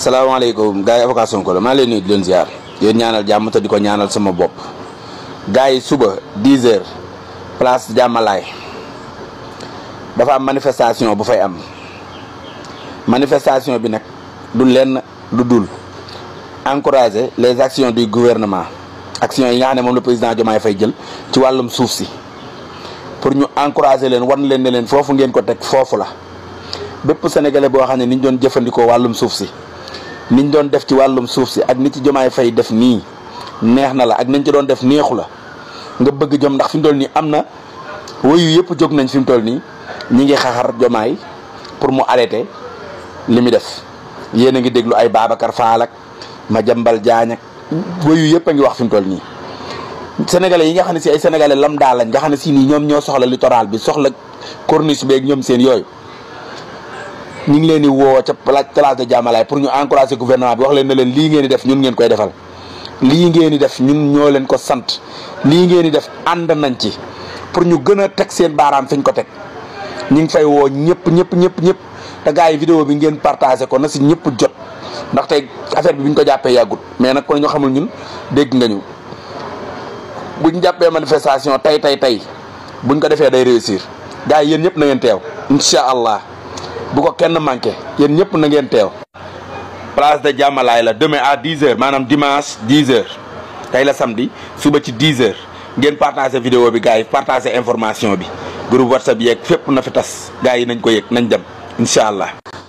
salaamaaleykum gars yi avocat Sonko la maa leen nuyu di leen ziar yéen ñaanal jàmm te di ko ñaanal sama bopp gars yi suba 10 heures place jàmmalaay dafa am manifestation bu fay am manifestation bi nag du lenn du dul encourager les action du gouvernement action yi nga xam ne moom le président Diomaye fay jël ci wàllum suuf si pour ñu encourager leen wan leen ne leen foofu ngeen ko teg foofu la bépp sénégalais boo xam ne ni doon jëfandikoo wàllum suuf si niñ doon def ci wàllum suuf si ak ni ci jomaay fay def nii neex na la ak nañ ci doon def neexu la nga bëgg jom ndax fi mu toll nii am na woyu yëpp jóg nañ fi mu toll nii ñu ngi xaxar jomaay pour mu arrêté li mu def yéen a ngi déglu ay Babacar Fall ak Madiambal Diagne ak woyu a ngi wax fi mu toll nii. Sénégalais yi nga xam ne si ay senegale lambda lañ nga xam ne si nii ñoom ñoo soxla littoral bi soxla corniche beeg ñoom seen yooyu. ñu ngi leen di woo ca place de Diamalaye pour ñu encourager gouvernement bi wax leen na leen lii ngeen di def ñun ngeen koy defal lii ngeen di def ñun ñoo leen ko sant lii ngeen di def ànd nañ ci pour ñu gën a teg seen baaraam fi ñu ko teg ñu ngi fay woo ñëpp ñëpp ñëpp ñëpp te gaa yi vidéo bi ngeen partagé ko na si ñëpp jot ndax tey affaire bi bi ñu ko jàppee yàggut mais nag kon ñu xamul ñun dégg nga ñu bu ñu jàppee manifestation tey tey tey buñ ko defee day réussir gars yéen ñëpp na ngeen teew incha bu ko kenn manqué yéen ñëpp na ngeen teew. place de jàmmalaay la demain à 10h maanaam dimanche dix h tey la samedi suba ci dix h ngeen partagé vidéo bi gars yi partagé information bi groupe whatsapp yeeg fépp na fi tas gars yi nañ ko yëg nañ dem incha allah.